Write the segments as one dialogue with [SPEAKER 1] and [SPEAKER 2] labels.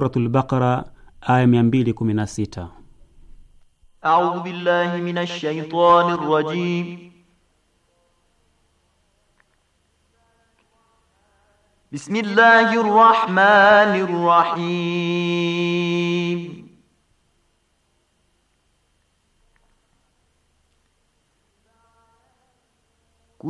[SPEAKER 1] Suratul Baqara aya 216.
[SPEAKER 2] A'udhu billahi minash shaitanir rajim. Bismillahir rahmanir rahim.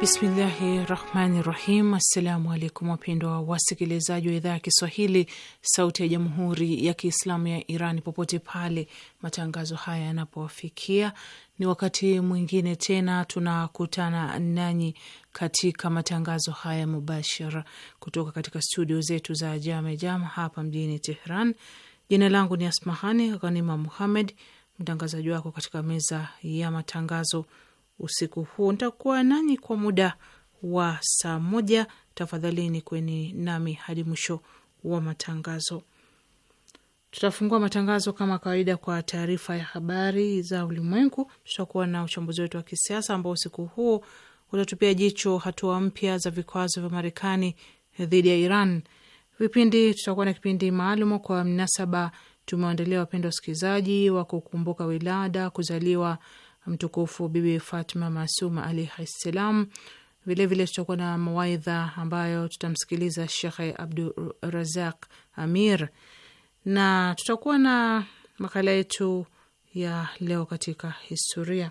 [SPEAKER 3] Bismillahi rahmani rahim. Assalamu alaikum wapendwa wasikilizaji wa idhaa ya Kiswahili sauti ya jamhuri ya Kiislamu ya Iran popote pale matangazo haya yanapowafikia, ni wakati mwingine tena tunakutana nanyi katika matangazo haya mubashara kutoka katika studio zetu za Jame Jam hapa mjini Tehran. Jina langu ni Asmahani Ghanima Muhammed, mtangazaji wako katika meza ya matangazo usiku huu. Nitakuwa nanyi kwa muda wa saa moja. Tafadhalini kweni nami hadi mwisho wa matangazo. Tutafungua matangazo kama kawaida kwa taarifa ya habari za ulimwengu. Tutakuwa na uchambuzi wetu wa kisiasa ambao usiku huo utatupia jicho hatua mpya za vikwazo vya Marekani dhidi ya Iran. Vipindi tutakuwa na kipindi maalum kwa mnasaba tumewaandalia wapendwa wasikilizaji wa kukumbuka wilada kuzaliwa mtukufu Bibi Fatma Masuma alaihi ssalam. Vilevile tutakuwa na mawaidha ambayo tutamsikiliza Shekhe Abdurazaq Amir na tutakuwa na makala yetu ya leo katika historia.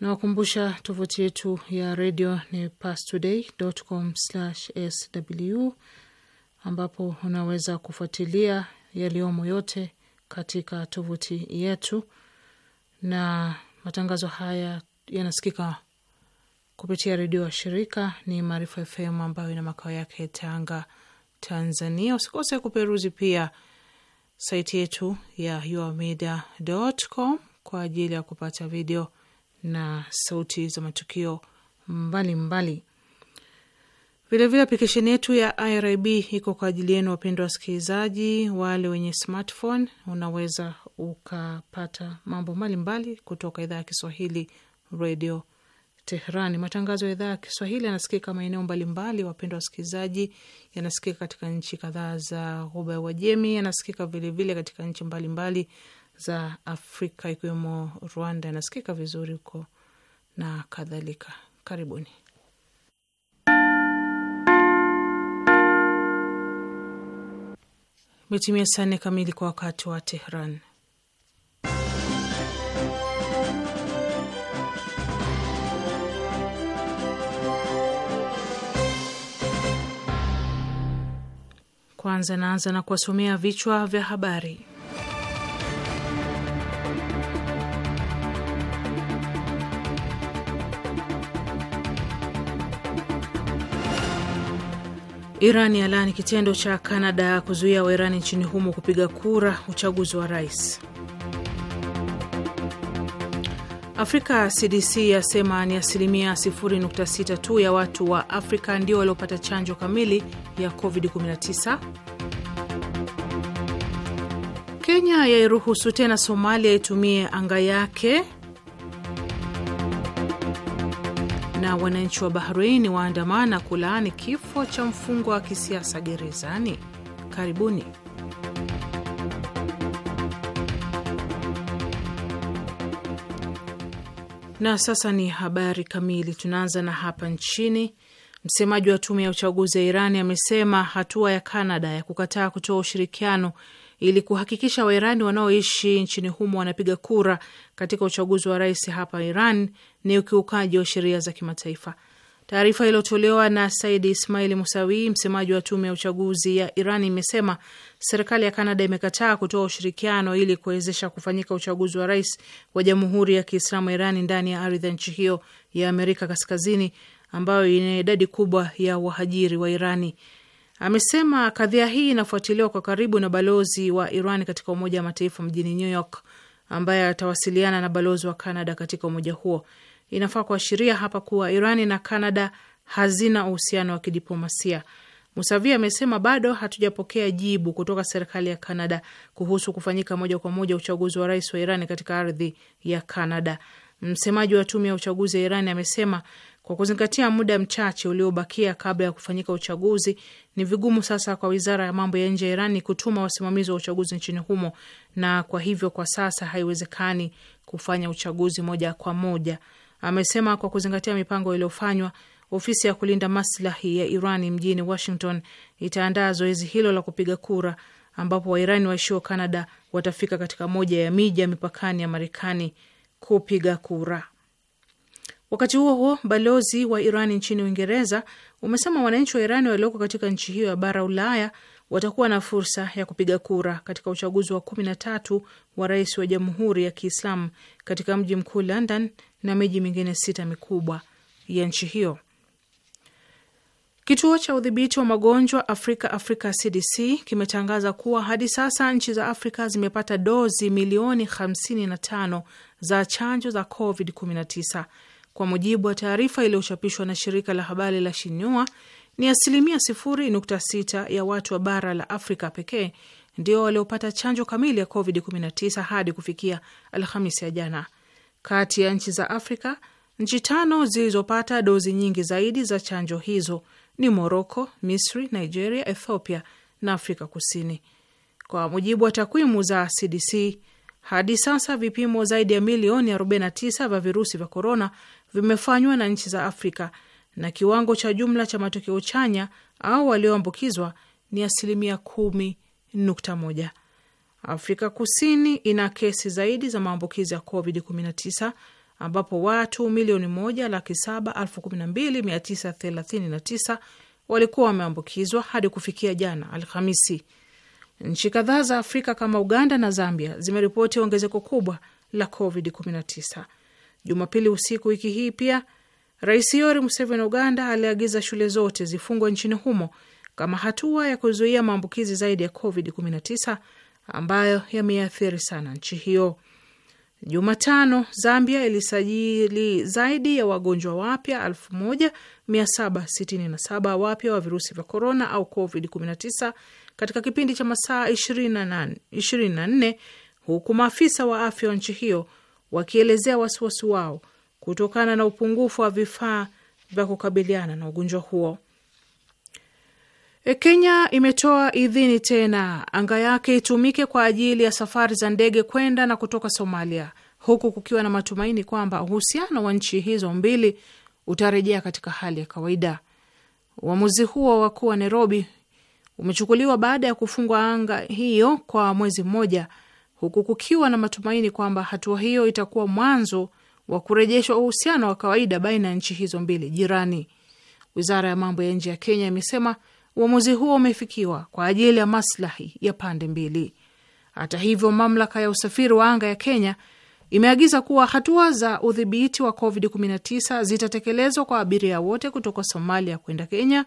[SPEAKER 3] Nawakumbusha tovuti yetu ya redio ni pastoday.com/sw, ambapo unaweza kufuatilia yaliyomo yote katika tovuti yetu na matangazo haya yanasikika kupitia redio wa shirika ni Maarifa FM ambayo ina makao yake Tanga, Tanzania. Usikose kuperuzi pia saiti yetu ya yourmedia.com kwa ajili ya kupata video na sauti za matukio mbalimbali. Vilevile aplikesheni yetu ya IRIB iko kwa ajili yenu, wapendwa wasikilizaji. Wale wenye smartphone, unaweza ukapata mambo mbalimbali kutoka idhaa ya Kiswahili radio Teherani. Matangazo ya idhaa ya Kiswahili yanasikika maeneo mbalimbali, wapendwa wasikilizaji, yanasikika katika nchi kadhaa za ghuba ya Uajemi, yanasikika vilevile katika nchi mbalimbali za Afrika ikiwemo Rwanda, yanasikika vizuri huko na kadhalika. Karibuni. Metimia saa nne kamili kwa wakati wa Tehran. Kwanza naanza na kuwasomea vichwa vya habari. Iran yalaani kitendo cha Kanada kuzuia Wairani nchini humo kupiga kura uchaguzi wa rais. Afrika CDC yasema ni asilimia 0.6 tu ya watu wa Afrika ndio waliopata chanjo kamili ya COVID-19. Kenya yairuhusu tena Somalia itumie anga yake, na wananchi wa bahrein waandamana kulaani kifo cha mfungwa wa kisiasa gerezani. Karibuni. Na sasa ni habari kamili. Tunaanza na hapa nchini. Msemaji wa tume ya uchaguzi ya iran amesema hatua ya Kanada ya kukataa kutoa ushirikiano ili kuhakikisha Wairani wanaoishi nchini humo wanapiga kura katika uchaguzi wa rais hapa Iran ni ukiukaji wa sheria za kimataifa. Taarifa iliyotolewa na Saidi Ismaili Musawi, msemaji wa tume ya uchaguzi ya Iran, imesema serikali ya Kanada imekataa kutoa ushirikiano ili kuwezesha kufanyika uchaguzi wa rais wa Jamhuri ya Kiislamu Irani ndani ya ardhi ya nchi hiyo ya Amerika Kaskazini ambayo ina idadi kubwa ya wahajiri wa Irani. Amesema kadhia hii inafuatiliwa kwa karibu na balozi wa Iran katika Umoja wa Mataifa mjini New York, ambaye atawasiliana na balozi wa Kanada katika umoja huo. Inafaa kuashiria hapa kuwa iran na Kanada hazina uhusiano wa kidiplomasia. Musavi amesema bado hatujapokea jibu kutoka serikali ya Kanada kuhusu kufanyika moja kwa moja uchaguzi wa rais wa Iran katika ardhi ya Kanada. Msemaji wa tume ya uchaguzi ya Iran amesema kwa kuzingatia muda mchache uliobakia kabla ya kufanyika uchaguzi, ni vigumu sasa kwa wizara ya mambo ya nje ya Iran kutuma wasimamizi wa uchaguzi nchini humo, na kwa hivyo kwa sasa haiwezekani kufanya uchaguzi moja kwa moja. Amesema kwa kuzingatia mipango iliyofanywa Ofisi ya kulinda maslahi ya iran mjini Washington itaandaa zoezi hilo la kupiga kura ambapo Wairani waishio Canada watafika katika moja ya miji ya mipakani ya Marekani kupiga kura. Wakati huo huo, balozi wa iran nchini Uingereza umesema wananchi wa Irani walioko katika nchi hiyo ya bara Ulaya watakuwa na fursa ya kupiga kura katika uchaguzi wa kumi na tatu wa rais wa Jamhuri ya Kiislamu katika mji mkuu London na miji mingine sita mikubwa ya nchi hiyo. Kituo cha udhibiti wa magonjwa Afrika, Afrika CDC, kimetangaza kuwa hadi sasa nchi za Afrika zimepata dozi milioni 55 za chanjo za COVID-19. Kwa mujibu wa taarifa iliyochapishwa na shirika la habari la Shinua, ni asilimia 0.6 ya watu wa bara la Afrika pekee ndio waliopata chanjo kamili ya COVID-19 hadi kufikia Alhamisi ya jana. Kati ya nchi za Afrika, nchi tano zilizopata dozi nyingi zaidi za chanjo hizo ni Moroko, Misri, Nigeria, Ethiopia na Afrika Kusini. Kwa mujibu wa takwimu za CDC, hadi sasa vipimo zaidi ya milioni 49 vya virusi vya korona vimefanywa na nchi za Afrika na kiwango cha jumla cha matokeo chanya au walioambukizwa ni asilimia 10.1. Afrika Kusini ina kesi zaidi za maambukizi ya COVID-19 ambapo watu milioni moja laki saba elfu kumi na mbili mia tisa thelathini na tisa walikuwa wameambukizwa hadi kufikia jana Alhamisi. Nchi kadhaa za Afrika kama Uganda na Zambia zimeripoti ongezeko kubwa la COVID-19. Jumapili usiku wiki hii pia Rais Yoweri Museveni wa Uganda aliagiza shule zote zifungwe nchini humo kama hatua ya kuzuia maambukizi zaidi ya COVID-19 ambayo yameathiri sana nchi hiyo. Jumatano Zambia ilisajili zaidi ya wagonjwa wapya 1767 wapya wa virusi vya korona au COVID-19 katika kipindi cha masaa 24 huku maafisa wa afya wa nchi hiyo wakielezea wasiwasi wao kutokana na upungufu wa vifaa vya kukabiliana na ugonjwa huo. E, Kenya imetoa idhini tena anga yake itumike kwa ajili ya safari za ndege kwenda na kutoka Somalia, huku kukiwa na matumaini kwamba uhusiano wa nchi hizo mbili utarejea katika hali ya kawaida. Uamuzi huo wa kuwa Nairobi umechukuliwa baada ya kufungwa anga hiyo kwa mwezi mmoja, huku kukiwa na matumaini kwamba hatua hiyo itakuwa mwanzo wa kurejeshwa uhusiano wa kawaida baina ya nchi hizo mbili jirani. Wizara ya mambo ya nje ya Kenya imesema Uamuzi huo umefikiwa kwa ajili ya maslahi ya pande mbili. Hata hivyo, mamlaka ya usafiri wa anga ya Kenya imeagiza kuwa hatua za udhibiti wa COVID-19 zitatekelezwa kwa abiria wote kutoka Somalia kwenda Kenya,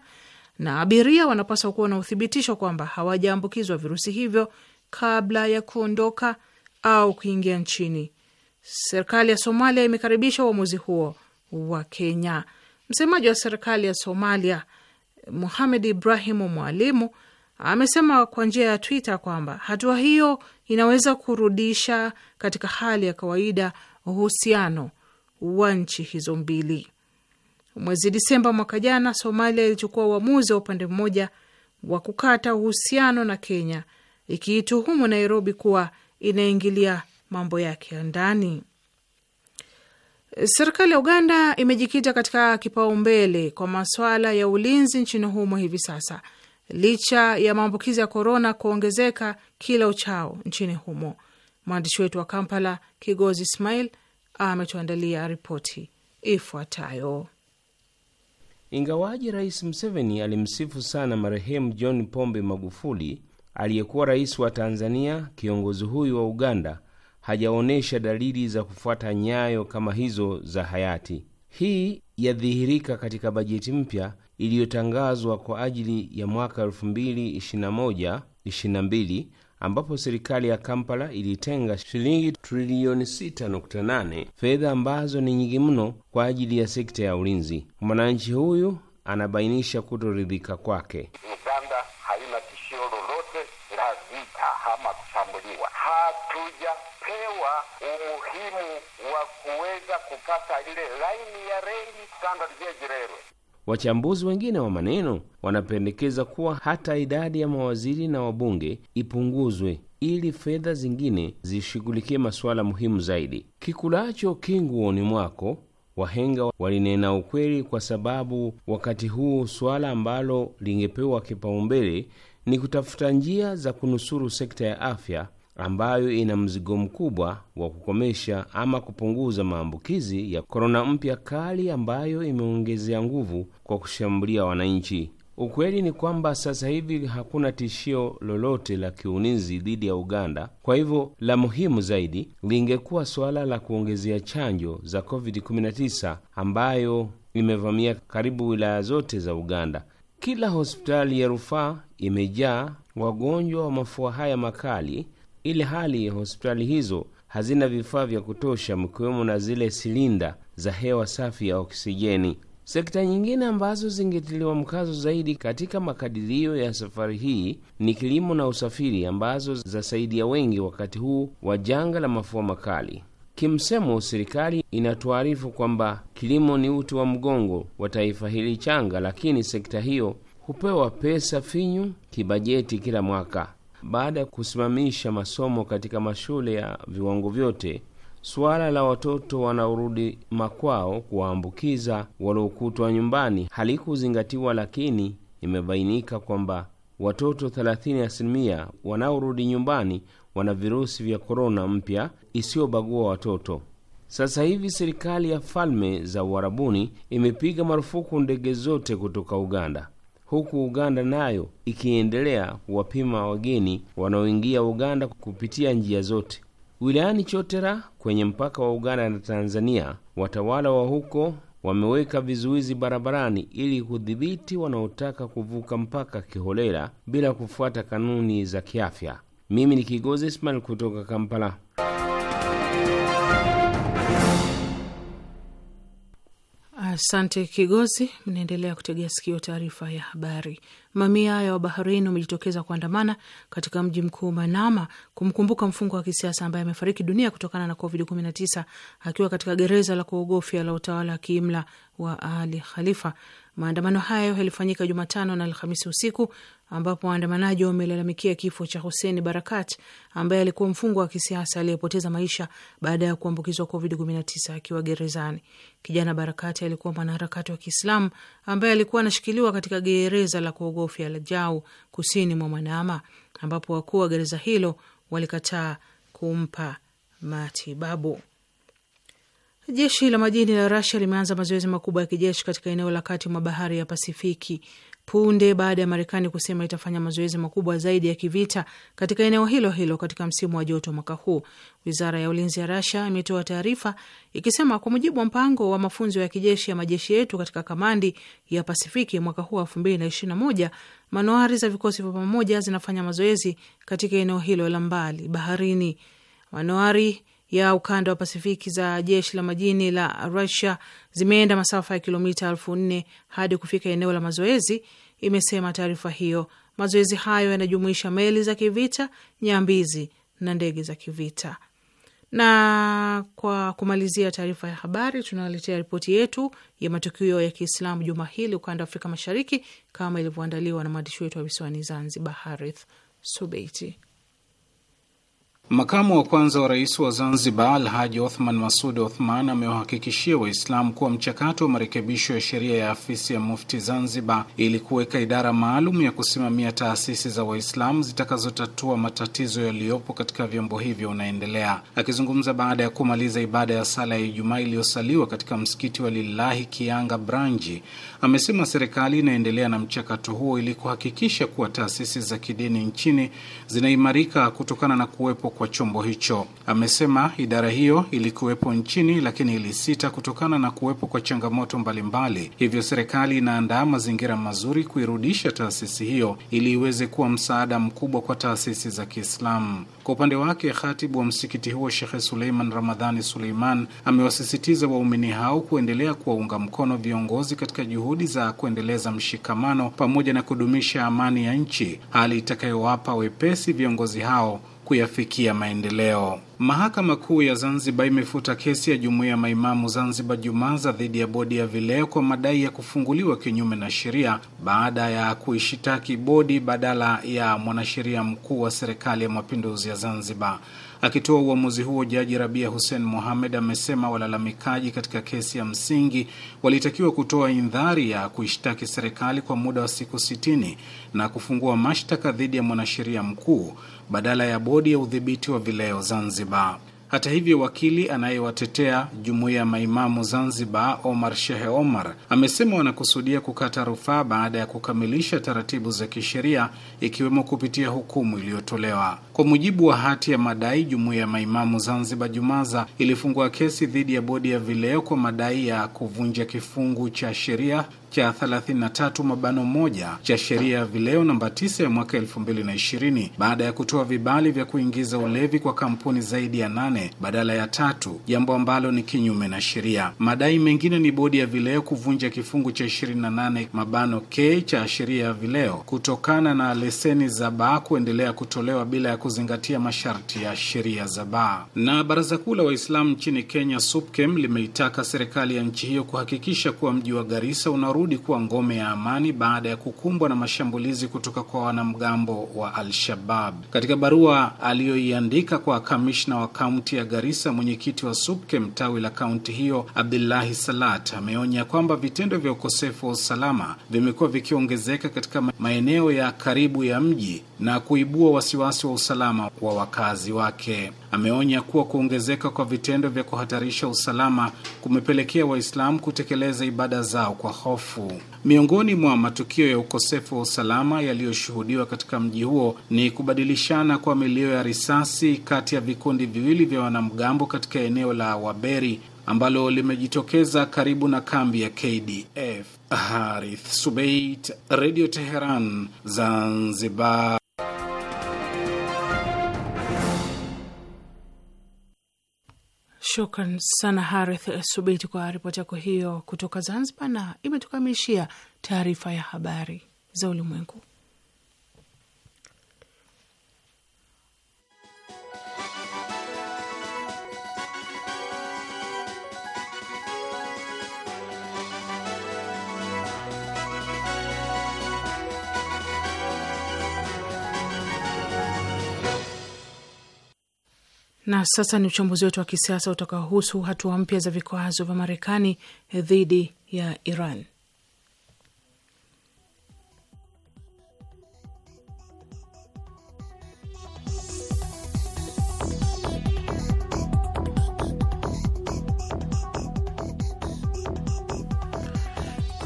[SPEAKER 3] na abiria wanapaswa kuwa na uthibitisho kwamba hawajaambukizwa virusi hivyo kabla ya kuondoka au kuingia nchini. Serikali ya Somalia imekaribisha uamuzi huo wa Kenya. Msemaji wa serikali ya Somalia Muhamed Ibrahimu Mwalimu amesema kwa njia ya Twitter kwamba hatua hiyo inaweza kurudisha katika hali ya kawaida uhusiano wa nchi hizo mbili. Mwezi Disemba mwaka jana, Somalia ilichukua uamuzi wa upande mmoja wa kukata uhusiano na Kenya, ikiituhumu Nairobi kuwa inaingilia mambo yake ya ndani. Serikali ya Uganda imejikita katika kipaumbele kwa masuala ya ulinzi nchini humo hivi sasa, licha ya maambukizi ya korona kuongezeka kila uchao nchini humo. Mwandishi wetu wa Kampala, Kigozi Ismail, ametuandalia ripoti ifuatayo.
[SPEAKER 1] Ingawaji Rais Museveni alimsifu sana marehemu John Pombe Magufuli, aliyekuwa rais wa Tanzania, kiongozi huyu wa Uganda hajaonyesha dalili za kufuata nyayo kama hizo za hayati. Hii yadhihirika katika bajeti mpya iliyotangazwa kwa ajili ya mwaka 2021 22 ambapo serikali ya Kampala ilitenga shilingi trilioni 6.8, fedha ambazo ni nyingi mno kwa ajili ya sekta ya ulinzi. Mwananchi huyu anabainisha kutoridhika kwake. umuhimu wa kuweza kupata ile laini ya reli kando ya Njirerwe. Wachambuzi wengine wa maneno wanapendekeza kuwa hata idadi ya mawaziri na wabunge ipunguzwe ili fedha zingine zishughulikie masuala muhimu zaidi. Kikulacho kinguoni mwako, wahenga walinena ukweli, kwa sababu wakati huu suala ambalo lingepewa kipaumbele ni kutafuta njia za kunusuru sekta ya afya ambayo ina mzigo mkubwa wa kukomesha ama kupunguza maambukizi ya korona mpya kali ambayo imeongezea nguvu kwa kushambulia wananchi. Ukweli ni kwamba sasa hivi hakuna tishio lolote la kiunizi dhidi ya Uganda. Kwa hivyo, la muhimu zaidi lingekuwa suala la kuongezea chanjo za COVID-19 ambayo imevamia karibu wilaya zote za Uganda. Kila hospitali ya rufaa imejaa wagonjwa wa mafua haya makali ili hali hospitali hizo hazina vifaa vya kutosha, mkiwemo na zile silinda za hewa safi ya oksijeni. Sekta nyingine ambazo zingetiliwa mkazo zaidi katika makadirio ya safari hii ni kilimo na usafiri, ambazo zasaidia wengi wakati huu wa janga la mafua makali. Kimsemo, serikali inatuarifu kwamba kilimo ni uti wa mgongo wa taifa hili changa, lakini sekta hiyo hupewa pesa finyu kibajeti kila mwaka baada ya kusimamisha masomo katika mashule ya viwango vyote, suala la watoto wanaorudi makwao kuwaambukiza waliokutwa nyumbani halikuzingatiwa, lakini imebainika kwamba watoto 30 wanaorudi nyumbani wana virusi vya korona mpya isiyobagua watoto. Sasa hivi serikali ya Falme za Uarabuni imepiga marufuku ndege zote kutoka Uganda huku Uganda nayo ikiendelea kuwapima wageni wanaoingia Uganda kupitia njia zote. Wilayani Chotera kwenye mpaka wa Uganda na Tanzania, watawala wa huko wameweka vizuizi barabarani ili kudhibiti wanaotaka kuvuka mpaka kiholela bila kufuata kanuni za kiafya. Mimi ni Kigozi Ismail kutoka Kampala.
[SPEAKER 3] Asante Kigozi. Mnaendelea kutegea sikio taarifa ya habari. Mamia ya wabaharin wamejitokeza kuandamana katika mji mkuu Manama kumkumbuka mfungwa wa kisiasa ambaye amefariki dunia kutokana na COVID-19 akiwa katika gereza la kuogofya la utawala wa kiimla wa Ali Khalifa. Maandamano hayo yalifanyika Jumatano na Alhamisi usiku ambapo waandamanaji wamelalamikia kifo cha Hussein Barakat ambaye alikuwa mfungwa wa kisiasa aliyepoteza maisha baada ya kuambukizwa COVID-19 akiwa gerezani. Kijana Barakati alikuwa mwanaharakati wa Kiislamu ambaye alikuwa anashikiliwa katika gereza la kuogofya la Jau kusini mwa Manama, ambapo wakuu wa gereza hilo walikataa kumpa matibabu. Jeshi la majini la Rasia limeanza mazoezi makubwa ya kijeshi katika eneo la kati mwa bahari ya Pasifiki punde baada ya Marekani kusema itafanya mazoezi makubwa zaidi ya kivita katika eneo hilo hilo katika msimu wa joto mwaka huu. Wizara ya ulinzi ya Rasia imetoa taarifa ikisema, kwa mujibu wa mpango wa mafunzo ya kijeshi ya majeshi yetu katika kamandi ya Pasifiki mwaka huu wa elfu mbili na ishirini na moja, manuari za vikosi vya pamoja zinafanya mazoezi katika eneo hilo la mbali baharini. Manuari ya ukanda wa Pasifiki za jeshi la majini la Rusia zimeenda masafa ya kilomita elfu nne hadi kufika eneo la mazoezi, imesema taarifa hiyo. Mazoezi hayo yanajumuisha meli za kivita, nyambizi na ndege za kivita. Na kwa kumalizia taarifa ya habari, tunaletea ripoti yetu ya matukio ya Kiislamu juma hili ukanda wa Afrika Mashariki, kama ilivyoandaliwa na mwandishi wetu wa visiwani Zanzibar, Harith Subeiti.
[SPEAKER 4] Makamu wa kwanza wa rais wa Zanzibar Alhaji Othman Masud Othman amewahakikishia Waislamu kuwa mchakato wa marekebisho ya sheria ya afisi ya mufti Zanzibar ili kuweka idara maalum ya kusimamia taasisi za Waislamu zitakazotatua matatizo yaliyopo katika vyombo hivyo unaendelea. Akizungumza baada ya kumaliza ibada ya sala ya Ijumaa iliyosaliwa katika msikiti wa Lillahi Kianga Branji, amesema serikali inaendelea na mchakato huo ili kuhakikisha kuwa taasisi za kidini nchini zinaimarika kutokana na kuwepo kwa chombo hicho. Amesema idara hiyo ilikuwepo nchini lakini ilisita kutokana na kuwepo kwa changamoto mbalimbali mbali. Hivyo serikali inaandaa mazingira mazuri kuirudisha taasisi hiyo ili iweze kuwa msaada mkubwa kwa taasisi za Kiislamu. Kwa upande wake, khatibu wa msikiti huo Shekhe Suleiman Ramadhani Suleiman amewasisitiza waumini hao kuendelea kuwaunga mkono viongozi katika juhudi za kuendeleza mshikamano pamoja na kudumisha amani ya nchi, hali itakayowapa wepesi viongozi hao kuyafikia maendeleo. Mahakama Kuu ya Zanzibar imefuta kesi ya jumuiya ya maimamu Zanzibar Jumaza dhidi ya bodi ya vileo kwa madai ya kufunguliwa kinyume na sheria baada ya kuishitaki bodi badala ya mwanasheria mkuu wa serikali ya mapinduzi ya Zanzibar. Akitoa uamuzi huo, Jaji Rabia Hussein Mohamed amesema walalamikaji katika kesi ya msingi walitakiwa kutoa indhari ya kuishtaki serikali kwa muda wa siku sitini na kufungua mashtaka dhidi ya mwanasheria mkuu badala ya bodi ya udhibiti wa vileo Zanzibar. Hata hivyo, wakili anayewatetea jumuiya ya maimamu Zanzibar, Omar Shehe Omar, amesema wanakusudia kukata rufaa baada ya kukamilisha taratibu za kisheria, ikiwemo kupitia hukumu iliyotolewa. Kwa mujibu wa hati ya madai, jumuiya ya maimamu Zanzibar, Jumaza, ilifungua kesi dhidi ya bodi ya vileo kwa madai ya kuvunja kifungu cha sheria cha 33 mabano moja cha sheria ya vileo namba 9 ya mwaka 2020 baada ya kutoa vibali vya kuingiza ulevi kwa kampuni zaidi ya nane badala ya tatu, jambo ambalo ni kinyume na sheria. Madai mengine ni bodi ya vileo kuvunja kifungu cha 28 mabano k cha sheria ya vileo kutokana na leseni za baa kuendelea kutolewa bila ya kuzingatia masharti ya sheria za baa. Na Baraza Kuu la Waislamu nchini Kenya SUPKEM limeitaka serikali ya nchi hiyo kuhakikisha kuwa mji wa Garissa una kurudi kuwa ngome ya amani baada ya kukumbwa na mashambulizi kutoka kwa wanamgambo wa Al-Shabab. Katika barua aliyoiandika kwa kamishna wa kaunti ya Garissa, mwenyekiti wa SUPKEM tawi la kaunti hiyo Abdullahi Salat ameonya kwamba vitendo vya ukosefu wa usalama vimekuwa vikiongezeka katika maeneo ya karibu ya mji na kuibua wasiwasi wa usalama wa wakazi wake. Ameonya kuwa kuongezeka kwa vitendo vya kuhatarisha usalama kumepelekea Waislamu kutekeleza ibada zao kwa hofu. Miongoni mwa matukio ya ukosefu wa usalama yaliyoshuhudiwa katika mji huo ni kubadilishana kwa milio ya risasi kati ya vikundi viwili vya wanamgambo katika eneo la Waberi ambalo limejitokeza karibu na kambi ya KDF. Harith Subeit, Radio Teheran, Zanzibar.
[SPEAKER 3] Shukran sana Harith Subiti kwa ripoti yako hiyo kutoka Zanzibar, na imetukamilishia taarifa ya habari za ulimwengu. Na sasa ni uchambuzi wetu wa kisiasa utakaohusu hatua mpya za vikwazo vya Marekani dhidi ya Iran.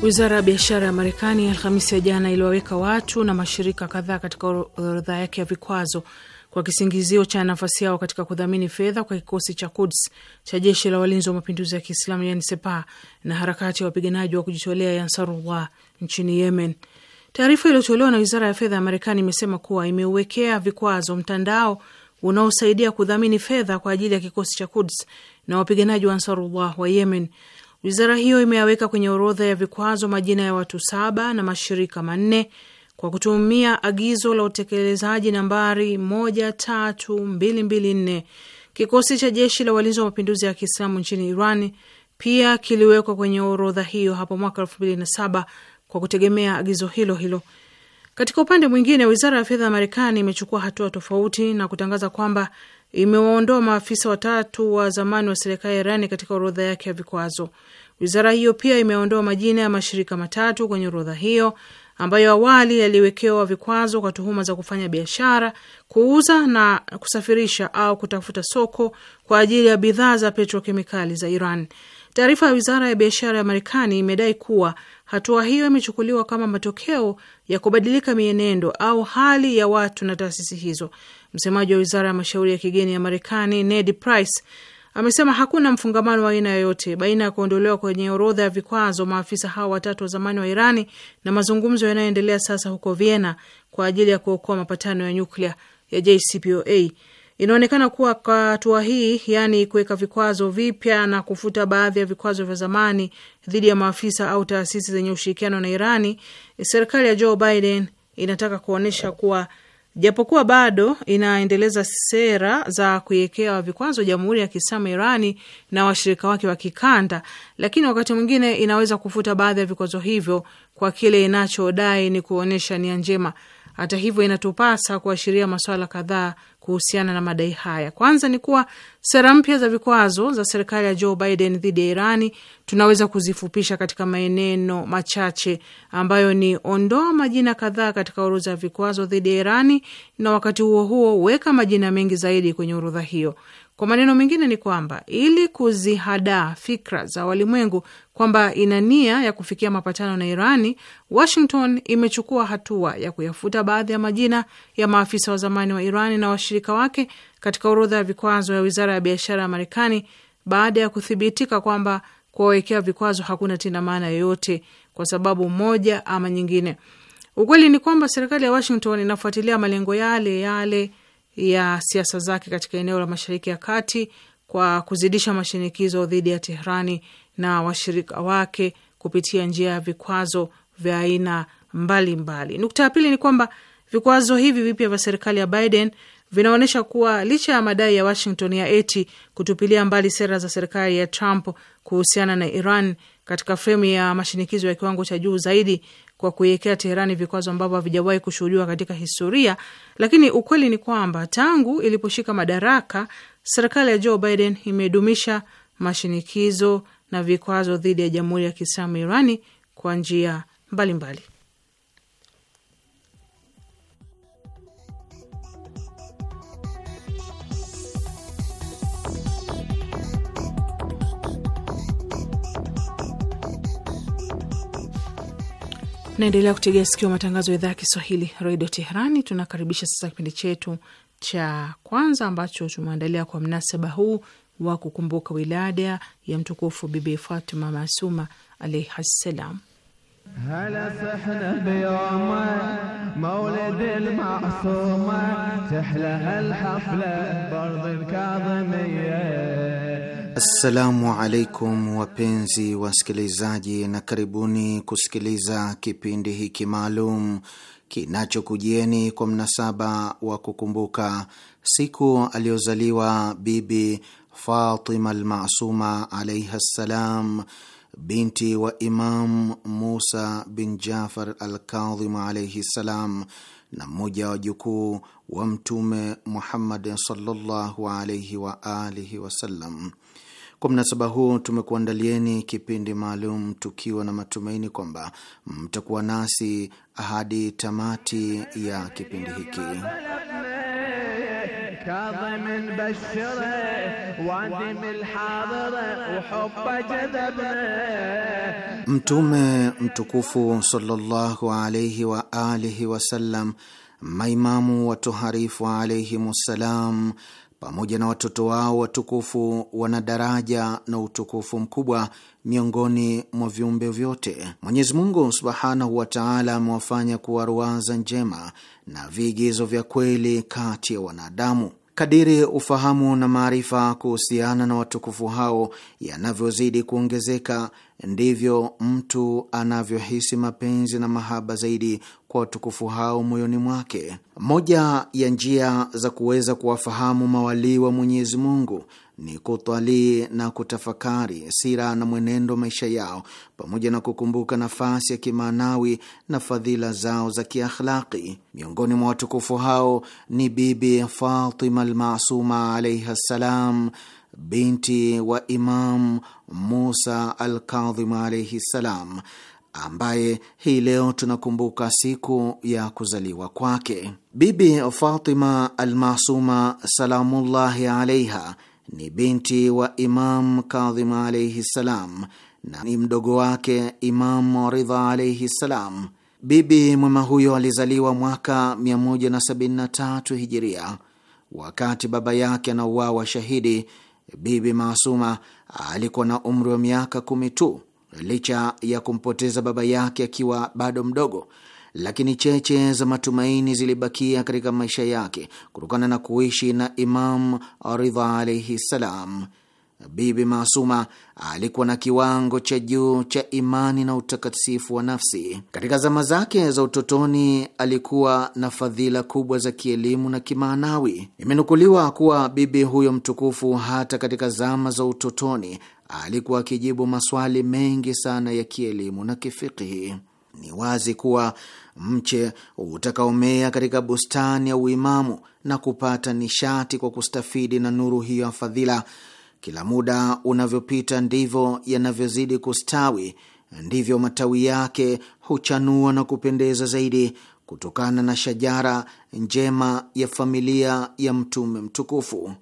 [SPEAKER 3] Wizara ya biashara ya Marekani Alhamisi ya jana iliwaweka watu na mashirika kadhaa katika orodha yake ya vikwazo kwa kisingizio cha nafasi yao katika kudhamini fedha kwa kikosi cha Kuds cha jeshi la walinzi wa mapinduzi ya Kiislamu yani Sepa na harakati ya wapiganaji wa kujitolea ya Ansarullah nchini Yemen. Taarifa iliyotolewa na wizara ya fedha ya Marekani imesema kuwa imeuwekea vikwazo mtandao unaosaidia kudhamini fedha kwa ajili ya kikosi cha Kuds na wapiganaji wa Ansarullah wa Yemen. Wizara hiyo imeyaweka kwenye orodha ya vikwazo majina ya watu saba na mashirika manne kwa kutumia agizo la utekelezaji nambari 13224 kikosi cha jeshi la walinzi wa mapinduzi ya Kiislamu nchini Iran pia kiliwekwa kwenye orodha hiyo hapo mwaka 2007 kwa kutegemea agizo hilo hilo. Katika upande mwingine, wizara ya fedha ya Marekani imechukua hatua tofauti na kutangaza kwamba imewaondoa maafisa watatu wa zamani wa serikali ya Irani katika orodha yake ya vikwazo. Wizara hiyo pia imeondoa majina ya mashirika matatu kwenye orodha hiyo ambayo awali yaliwekewa vikwazo kwa tuhuma za kufanya biashara, kuuza na kusafirisha au kutafuta soko kwa ajili ya bidhaa za petrokemikali za Iran. Taarifa ya wizara ya biashara ya Marekani imedai kuwa hatua hiyo imechukuliwa kama matokeo ya kubadilika mienendo au hali ya watu na taasisi hizo. Msemaji wa wizara ya mashauri ya kigeni ya Marekani Ned Price amesema hakuna mfungamano wa aina yoyote baina ya kuondolewa kwenye orodha ya vikwazo maafisa hao watatu wa zamani wa Irani na mazungumzo yanayoendelea sasa huko Vienna kwa ajili ya kuokoa mapatano ya nyuklia ya JCPOA. Inaonekana kuwa kwa hatua hii, yaani kuweka vikwazo vipya na kufuta baadhi ya vikwazo vya zamani dhidi ya maafisa au taasisi zenye ushirikiano na Irani, serikali ya Joe Biden inataka kuonyesha kuwa japokuwa bado inaendeleza sera za kuiwekea vikwazo Jamhuri ya Kiislamu Irani na washirika wake wa kikanda, lakini wakati mwingine inaweza kufuta baadhi ya vikwazo hivyo kwa kile inachodai ni kuonyesha nia njema hata hivyo, inatupasa kuashiria masuala kadhaa kuhusiana na madai haya. Kwanza ni kuwa sera mpya za vikwazo za serikali ya Joe Biden dhidi ya Irani tunaweza kuzifupisha katika maeneno machache ambayo ni ondoa majina kadhaa katika orodha ya vikwazo dhidi ya Irani na wakati huo huo weka majina mengi zaidi kwenye orodha hiyo. Kwa maneno mengine ni kwamba ili kuzihadaa fikra za walimwengu kwamba ina nia ya kufikia mapatano na Irani, Washington imechukua hatua ya kuyafuta baadhi ya majina ya maafisa wa zamani wa Irani na washirika wake katika orodha ya vikwazo ya wizara ya biashara ya Marekani baada ya kuthibitika kwamba kuwawekea vikwazo hakuna tena maana yoyote kwa sababu moja ama nyingine. Ukweli ni kwamba serikali ya Washington inafuatilia malengo yale yale ya siasa zake katika eneo la Mashariki ya Kati kwa kuzidisha mashinikizo dhidi ya tehrani na washirika wake kupitia njia ya vikwazo vya aina mbalimbali. Nukta ya pili ni kwamba vikwazo hivi vipya vya serikali ya Biden vinaonyesha kuwa licha ya madai ya Washington ya eti kutupilia mbali sera za serikali ya Trump kuhusiana na Iran katika fremu ya mashinikizo ya kiwango cha juu zaidi, kwa kuiwekea Teherani vikwazo ambavyo havijawahi kushuhudiwa katika historia, lakini ukweli ni kwamba tangu iliposhika madaraka serikali ya Joe Biden imedumisha mashinikizo na vikwazo dhidi ya Jamhuri ya Kiislamu Irani kwa njia mbalimbali. Naendelea kutegea sikio matangazo ya idhaa ya Kiswahili redio Teherani. Tunakaribisha sasa kipindi chetu cha kwanza ambacho tumeandalia kwa mnasaba huu wa kukumbuka wilada ya mtukufu Bibi Fatima Masuma alaihi ssalam.
[SPEAKER 5] Assalamu alaikum wapenzi wasikilizaji, na karibuni kusikiliza kipindi hiki maalum kinachokujieni kwa mnasaba wa kukumbuka siku aliyozaliwa Bibi Fatima Almasuma alaiha ssalam, binti wa Imam Musa bin Jafar Alkadhimu alaihi ssalam na mmoja wa jukuu wa Mtume Muhammad sallallahu alaihi waalihi wasallam. Kwa mnasaba huu tumekuandalieni kipindi maalum tukiwa na matumaini kwamba mtakuwa nasi hadi tamati ya kipindi hiki. Mtume mtukufu sallallahu alaihi wa alihi wasallam, maimamu watoharifu alaihim ssalam pamoja na watoto wao watukufu wana daraja na utukufu mkubwa miongoni mwa viumbe vyote. Mwenyezi Mungu subhanahu wa taala amewafanya kuwa ruwaza njema na viigizo vya kweli kati ya wanadamu. Kadiri ufahamu na maarifa kuhusiana na watukufu hao yanavyozidi kuongezeka, ndivyo mtu anavyohisi mapenzi na mahaba zaidi kwa watukufu hao moyoni mwake. Moja ya njia za kuweza kuwafahamu mawalii wa Mwenyezi Mungu ni kutwalii na kutafakari sira na mwenendo maisha yao pamoja na kukumbuka nafasi ya kimaanawi na fadhila zao za kiakhlaqi. Miongoni mwa watukufu hao ni Bibi Fatima Almasuma alaihi ssalam, binti wa Imam Musa Alkadhim alaihi ssalam, ambaye hii leo tunakumbuka siku ya kuzaliwa kwake. Bibi Fatima Almasuma salamullahi alaiha ni binti wa Imam Kadhim alaihi ssalam na ni mdogo wake Imam Ridha alaihi ssalam. Bibi mwema huyo alizaliwa mwaka 173 hijiria. Wakati baba yake anauawa shahidi, Bibi Maasuma alikuwa na umri wa miaka kumi tu. Licha ya kumpoteza baba yake akiwa bado mdogo, lakini cheche za matumaini zilibakia katika maisha yake kutokana na kuishi na Imam Ridha alaihi ssalam. Bibi Maasuma alikuwa na kiwango cha juu cha imani na utakatifu wa nafsi. Katika zama zake za utotoni, alikuwa na fadhila kubwa za kielimu na kimaanawi. Imenukuliwa kuwa bibi huyo mtukufu, hata katika zama za utotoni, alikuwa akijibu maswali mengi sana ya kielimu na kifikihi. Ni wazi kuwa mche utakaomea katika bustani ya uimamu na kupata nishati kwa kustafidi na nuru hiyo ya fadhila. Kila muda unavyopita ndivyo yanavyozidi kustawi, ndivyo matawi yake huchanua na kupendeza zaidi kutokana na shajara njema ya familia ya Mtume mtukufu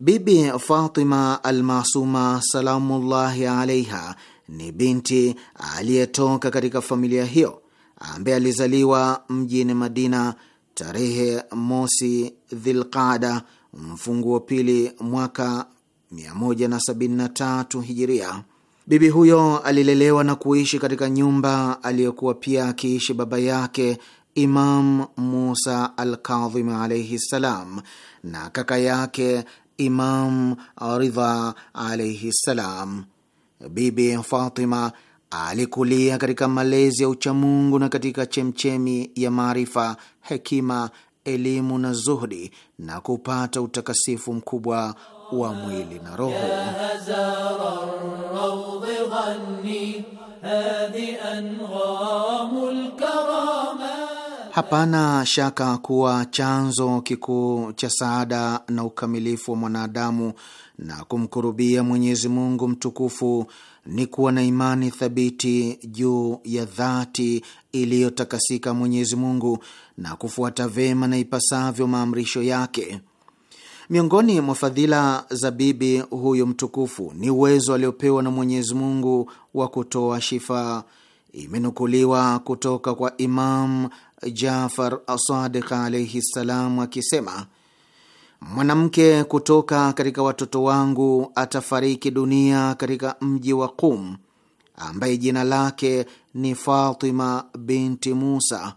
[SPEAKER 5] Bibi Fatima Almasuma salamullahi alaiha ni binti aliyetoka katika familia hiyo ambaye alizaliwa mjini Madina tarehe mosi Dhilqada mfunguo pili mwaka 173 hijiria. Bibi huyo alilelewa na kuishi katika nyumba aliyokuwa pia akiishi baba yake Imam Musa Alkadhim alaihi ssalam na kaka yake Imam Ridha alaihi ssalam. Bibi Fatima Alikulia katika malezi ya uchamungu na katika chemchemi ya maarifa, hekima, elimu na zuhdi, na kupata utakasifu mkubwa wa mwili na roho. Hapana shaka kuwa chanzo kikuu cha saada na ukamilifu wa mwanadamu na kumkurubia Mwenyezi Mungu mtukufu ni kuwa na imani thabiti juu ya dhati iliyotakasika Mwenyezi Mungu na kufuata vema na ipasavyo maamrisho yake. Miongoni mwa fadhila za bibi huyo mtukufu ni uwezo aliopewa na Mwenyezi Mungu wa kutoa shifa. Imenukuliwa kutoka kwa Imam Jafar Sadiq alaihi ssalam akisema Mwanamke kutoka katika watoto wangu atafariki dunia katika mji wa Qum, ambaye jina lake ni Fatima binti Musa.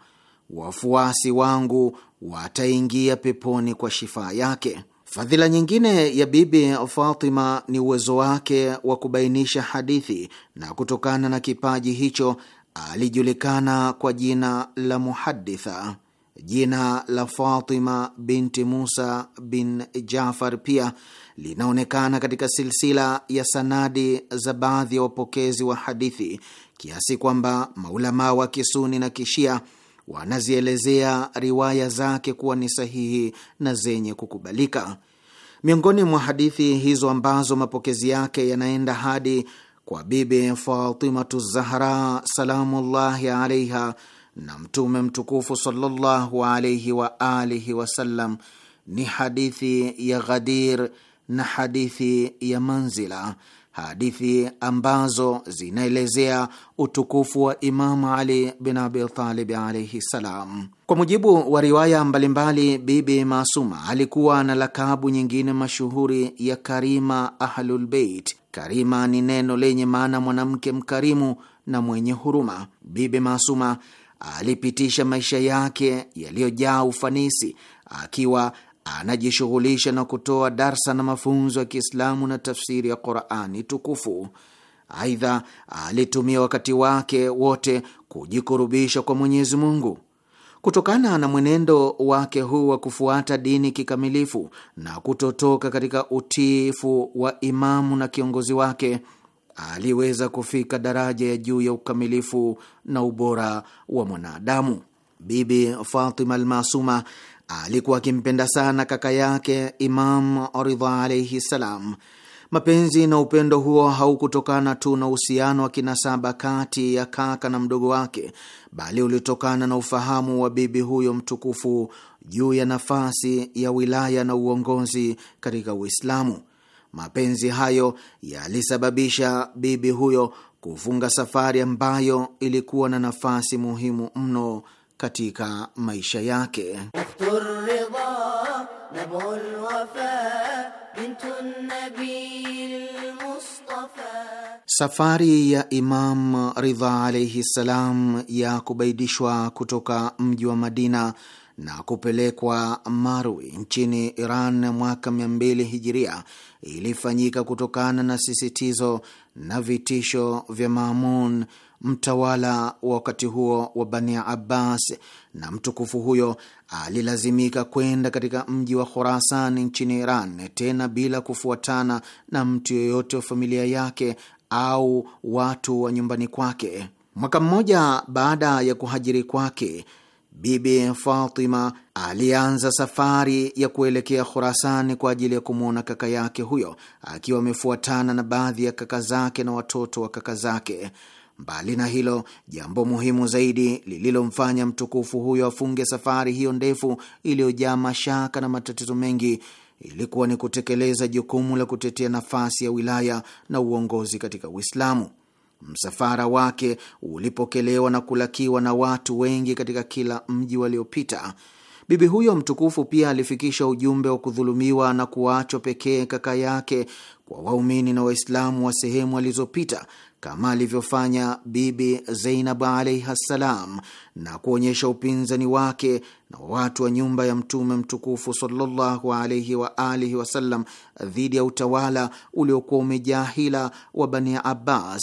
[SPEAKER 5] Wafuasi wangu wataingia peponi kwa shifaa yake. Fadhila nyingine ya Bibi Fatima ni uwezo wake wa kubainisha hadithi, na kutokana na kipaji hicho alijulikana kwa jina la Muhaditha. Jina la Fatima binti Musa bin Jafar pia linaonekana katika silsila ya sanadi za baadhi ya wapokezi wa hadithi kiasi kwamba maulamaa wa Kisuni na Kishia wanazielezea riwaya zake kuwa ni sahihi na zenye kukubalika. Miongoni mwa hadithi hizo ambazo mapokezi yake yanaenda hadi kwa Bibi Fatimatu Zahra salamullahi alaiha na Mtume mtukufu sallallahu alaihi wa alihi wasallam ni hadithi ya Ghadir na hadithi ya Manzila, hadithi ambazo zinaelezea utukufu wa Imamu Ali bin Abitalib alaihi salam. Kwa mujibu wa riwaya mbalimbali, Bibi Masuma alikuwa na lakabu nyingine mashuhuri ya Karima Ahlulbeit. Karima ni neno lenye maana mwanamke mkarimu na mwenye huruma. Bibi Masuma alipitisha maisha yake yaliyojaa ufanisi akiwa anajishughulisha na kutoa darsa na mafunzo ya Kiislamu na tafsiri ya Qurani tukufu. Aidha, alitumia wakati wake wote kujikurubisha kwa Mwenyezi Mungu. Kutokana na mwenendo wake huu wa kufuata dini kikamilifu na kutotoka katika utiifu wa imamu na kiongozi wake aliweza kufika daraja ya juu ya ukamilifu na ubora wa mwanadamu. Bibi Fatima Almasuma alikuwa akimpenda sana kaka yake Imam Ridha alaihi ssalam Mapenzi na upendo huo haukutokana tu na uhusiano wa kinasaba kati ya kaka na mdogo wake, bali ulitokana na ufahamu wa bibi huyo mtukufu juu ya nafasi ya wilaya na uongozi katika Uislamu. Mapenzi hayo yalisababisha bibi huyo kufunga safari ambayo ilikuwa na nafasi muhimu mno katika maisha yake. Safari ya Imam Ridha alaihi ssalam ya kubaidishwa kutoka mji wa Madina na kupelekwa Marwi nchini Iran mwaka 200 hijiria ilifanyika kutokana na sisitizo na vitisho vya Mamun, mtawala wa wakati huo wa Bani Abbas, na mtukufu huyo alilazimika kwenda katika mji wa Khurasan nchini Iran, tena bila kufuatana na mtu yoyote wa familia yake au watu wa nyumbani kwake. Mwaka mmoja baada ya kuhajiri kwake Bibi Fatima alianza safari ya kuelekea Khurasani kwa ajili ya kumwona kaka yake huyo, akiwa amefuatana na baadhi ya kaka zake na watoto wa kaka zake. Mbali na hilo, jambo muhimu zaidi lililomfanya mtukufu huyo afunge safari hiyo ndefu iliyojaa mashaka na matatizo mengi ilikuwa ni kutekeleza jukumu la kutetea nafasi ya wilaya na uongozi katika Uislamu. Msafara wake ulipokelewa na kulakiwa na watu wengi katika kila mji waliopita. Bibi huyo mtukufu pia alifikisha ujumbe wa kudhulumiwa na kuachwa pekee kaka yake kwa waumini na Waislamu wa sehemu alizopita kama alivyofanya Bibi Zeinab alaihi ssalam, na kuonyesha upinzani wake na watu wa nyumba ya Mtume mtukufu sallallahu alaihi wa alihi wasallam dhidi ya utawala uliokuwa umejaa hila wa Bani Abbas.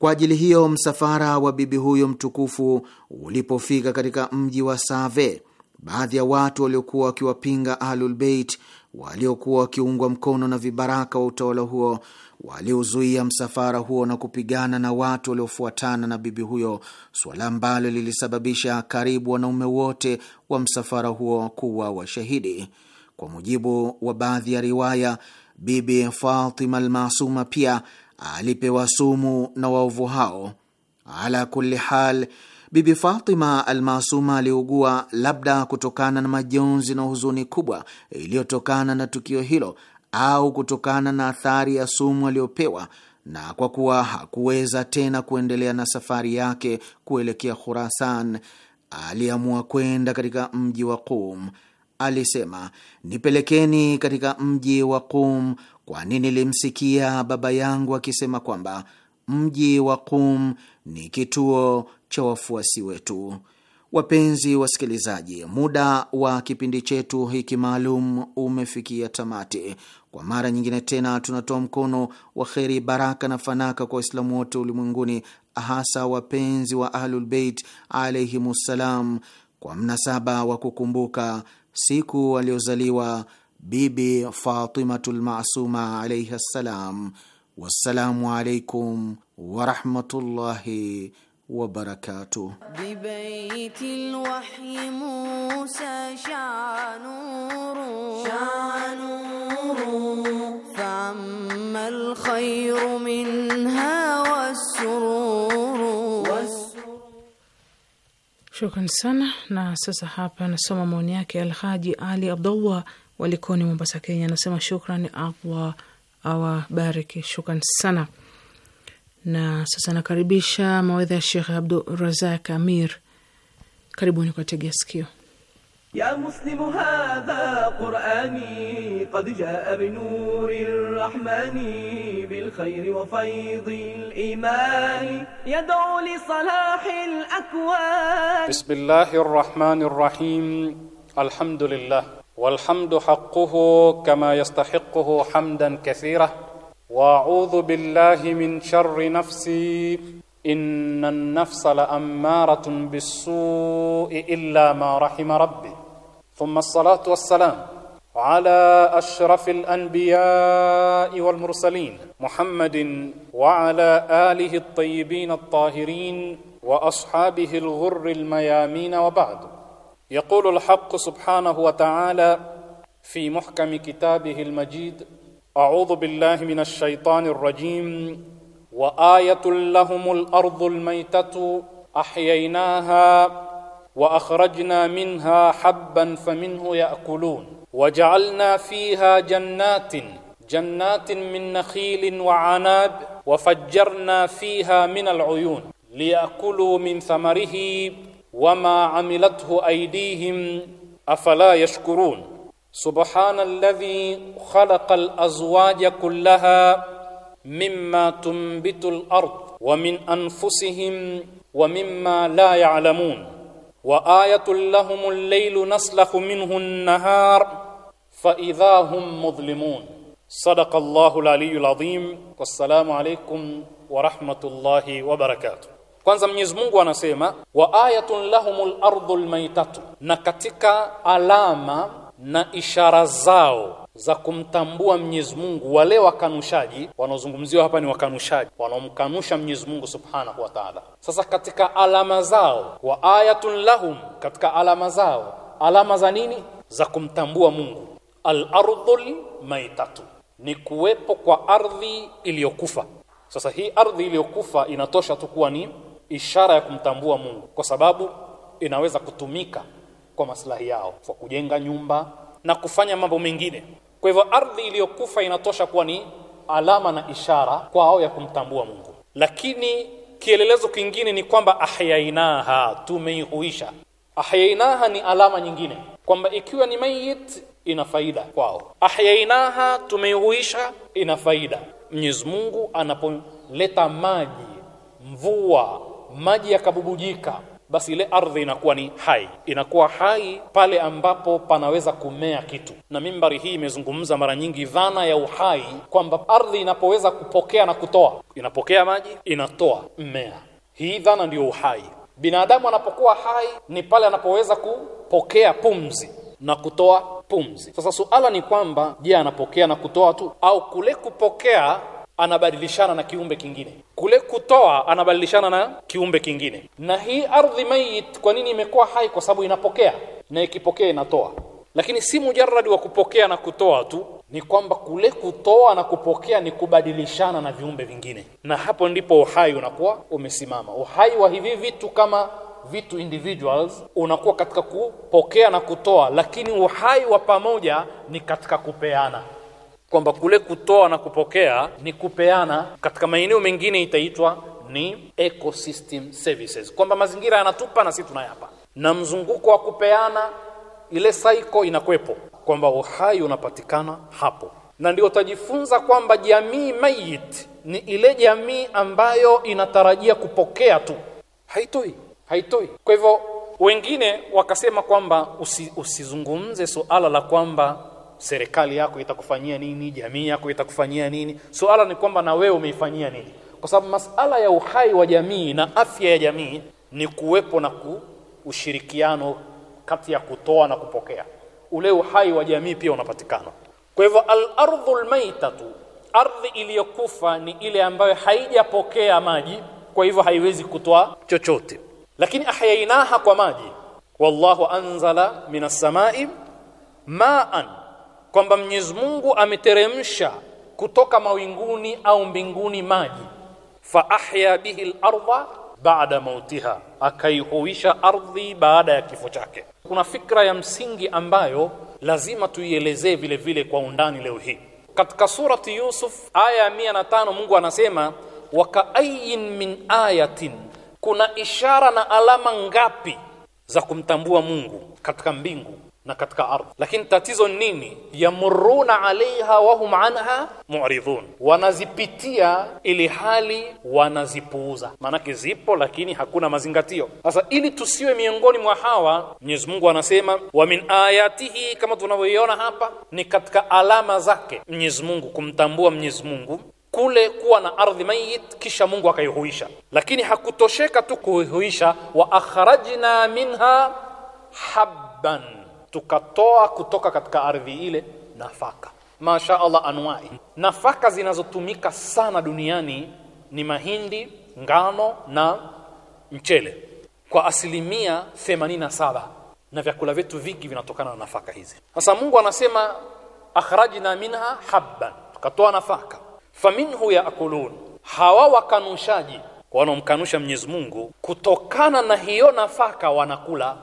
[SPEAKER 5] Kwa ajili hiyo msafara wa bibi huyo mtukufu ulipofika katika mji wa Save, baadhi ya watu waliokuwa wakiwapinga Ahlulbeit waliokuwa wakiungwa mkono na vibaraka wa utawala huo waliuzuia msafara huo na kupigana na watu waliofuatana na bibi huyo, suala ambalo lilisababisha karibu wanaume wote wa msafara huo kuwa washahidi. Kwa mujibu wa baadhi ya riwaya, Bibi Fatima Almasuma pia alipewa sumu na waovu hao. Ala kulli hal, Bibi Fatima Almasuma aliugua, labda kutokana na majonzi na huzuni kubwa iliyotokana na tukio hilo au kutokana na athari ya sumu aliyopewa, na kwa kuwa hakuweza tena kuendelea na safari yake kuelekea Khurasan, aliamua kwenda katika mji wa Qum. Alisema, nipelekeni katika mji wa Qum kwani nilimsikia baba yangu akisema kwamba mji wa Qum ni kituo cha wafuasi wetu. Wapenzi wasikilizaji, muda wa kipindi chetu hiki maalum umefikia tamati. Kwa mara nyingine tena, tunatoa mkono wa kheri, baraka na fanaka kwa Waislamu wote ulimwenguni, hasa wapenzi wa Ahlulbeit alaihimussalam, kwa mnasaba wa kukumbuka siku waliozaliwa Bibi Fatimatu Lmasuma alaihi ssalam. Wassalamu alaikum warahmatullahi wabarakatuh.
[SPEAKER 3] Shukran sana. Na sasa hapa anasoma maoni yake Alhaji Ali Abdullah Walikoni, Mombasa, Kenya, anasema shukran, Allah awabariki. Shukran sana. Na sasa nakaribisha mawedha ya Shekh Abdurazak Amir, karibuni kwa tegea sikio.
[SPEAKER 6] Ya muslimu hadha qurani qad jaa binuri rrahmani bilkhairi wa faidhi
[SPEAKER 2] limani yad'u li salahi lakwani.
[SPEAKER 7] Bismillahi rrahmani rrahim, alhamdulillah والحمد حقه كما يستحقه حمدا كثيرا واعوذ بالله من شر نفسي ان النفس لاماره بالسوء الا ما رحم ربي ثم الصلاه والسلام على اشرف الانبياء والمرسلين محمد وعلى اله الطيبين الطاهرين واصحابه الغر الميامين وبعد يقول الحق سبحانه وتعالى في محكم كتابه المجيد اعوذ بالله من الشيطان الرجيم وايه لهم الارض الميته احييناها واخرجنا منها حبا فمنه ياكلون وجعلنا فيها جنات جنات من نخيل وعناب وفجرنا فيها من العيون لياكلوا من ثمره وما عملته أيديهم أفلا يشكرون سبحان الذي خلق الأزواج كلها مما تنبت الأرض ومن أنفسهم ومما لا يعلمون وآية لهم الليل نسلخ منه النهار فإذا هم مظلمون صدق الله العلي العظيم والسلام عليكم ورحمة الله وبركاته Kwanza Mwenyezi Mungu anasema wa ayatun lahumul ardhul maitatu, na katika alama na ishara zao za kumtambua Mwenyezi Mungu, wale wakanushaji wanaozungumziwa hapa ni wakanushaji wanaomkanusha Mwenyezi Mungu Subhanahu wa Ta'ala. Sasa katika alama zao, wa ayatun lahum, katika alama zao, alama za nini? Za kumtambua Mungu. Al-ardhul maitatu ni kuwepo kwa ardhi iliyokufa. Sasa hii ardhi iliyokufa inatosha tu kuwa ni ishara ya kumtambua Mungu, kwa sababu inaweza kutumika kwa maslahi yao kwa kujenga nyumba na kufanya mambo mengine. Kwa hivyo ardhi iliyokufa inatosha kuwa ni alama na ishara kwao ya kumtambua Mungu, lakini kielelezo kingine ni kwamba ahyainaha, tumeihuisha. Ahyainaha ni alama nyingine kwamba ikiwa ni mayit ina faida kwao. Ahyainaha, tumeihuisha, ina faida. Mwenyezi Mungu anapoleta maji, mvua maji yakabubujika, basi ile ardhi inakuwa ni hai. Inakuwa hai pale ambapo panaweza kumea kitu, na mimbari hii imezungumza mara nyingi dhana ya uhai, kwamba ardhi inapoweza kupokea na kutoa, inapokea maji, inatoa mmea. Hii dhana ndiyo uhai. Binadamu anapokuwa hai ni pale anapoweza kupokea pumzi na kutoa pumzi. Sasa suala ni kwamba, je, anapokea na kutoa tu au kule kupokea anabadilishana na kiumbe kingine, kule kutoa anabadilishana na kiumbe kingine. Na hii ardhi mayit, kwa nini imekuwa hai? Kwa sababu inapokea, na ikipokea inatoa. Lakini si mujarradi wa kupokea na kutoa tu, ni kwamba kule kutoa na kupokea ni kubadilishana na viumbe vingine, na hapo ndipo uhai unakuwa umesimama. Uhai wa hivi vitu kama vitu individuals unakuwa katika kupokea na kutoa, lakini uhai wa pamoja ni katika kupeana kwamba kule kutoa na kupokea ni kupeana. Katika maeneo mengine itaitwa ni ecosystem services, kwamba mazingira yanatupa na sisi tunayapa, na mzunguko wa kupeana, ile cycle inakwepo, kwamba uhai unapatikana hapo, na ndio utajifunza kwamba jamii mayit ni ile jamii ambayo inatarajia kupokea tu, haitoi haitoi. Kwa hivyo wengine wakasema kwamba usi, usizungumze suala la kwamba serikali yako itakufanyia nini, jamii yako itakufanyia nini. Suala ni kwamba na wewe umeifanyia nini, kwa sababu masala ya uhai wa jamii na afya ya jamii ni kuwepo na ku, ushirikiano kati ya kutoa na kupokea. Ule uhai wa jamii pia unapatikana. Kwa hivyo, al-ardhu al-maitatu, ardhi iliyokufa ni ile ambayo haijapokea maji, kwa hivyo haiwezi kutoa chochote, lakini ahyainaha kwa maji. Wallahu anzala minas samai maan kwamba Mwenyezi Mungu ameteremsha kutoka mawinguni au mbinguni maji fa ahya bihi al-ardha baada mautiha, akaihuisha ardhi baada ya kifo chake. Kuna fikra ya msingi ambayo lazima tuielezee vile vile kwa undani leo hii. Katika surati Yusuf aya ya 105 Mungu anasema wa kaayin min ayatin, kuna ishara na alama ngapi za kumtambua Mungu katika mbingu na katika ardhi. Lakini tatizo nini? Yamuruna alaiha wahum anha muridhun, wanazipitia ili hali wanazipuuza. Maanake zipo lakini hakuna mazingatio. Sasa ili tusiwe miongoni mwa hawa, Mwenyezi Mungu anasema wa min ayatihi, kama tunavyoiona hapa ni katika alama zake Mwenyezi Mungu, kumtambua Mwenyezi Mungu kule kuwa na ardhi mayit, kisha Mungu akaihuisha. Lakini hakutosheka tu kuihuisha, wa akhrajna minha habban tukatoa kutoka katika ardhi ile nafaka. Masha Allah, anwai nafaka zinazotumika sana duniani ni mahindi, ngano na mchele kwa asilimia 87, na vyakula vyetu vingi vinatokana na nafaka hizi. Sasa Mungu anasema akhrajna minha habban, tukatoa nafaka. Faminhu yaakulun, hawa wakanushaji wanaomkanusha Mwenyezi Mungu kutokana na hiyo nafaka wanakula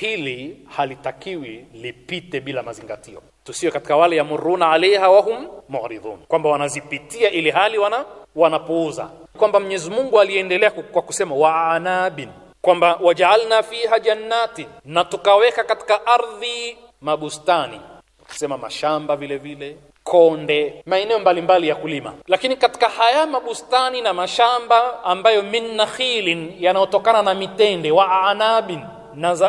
[SPEAKER 7] hili halitakiwi lipite bila mazingatio, tusiwe katika wale yamuruna alaiha wahum muridhun, kwamba wanazipitia ili hali wana wanapuuza, kwamba Mwenyezi Mungu aliendelea kwa kusema wa anabin, kwamba wajaalna fiha jannatin, na tukaweka katika ardhi mabustani, kusema mashamba vile vile konde maeneo mbalimbali ya kulima, lakini katika haya mabustani na mashamba ambayo min nakhilin, yanayotokana na mitende wa anabin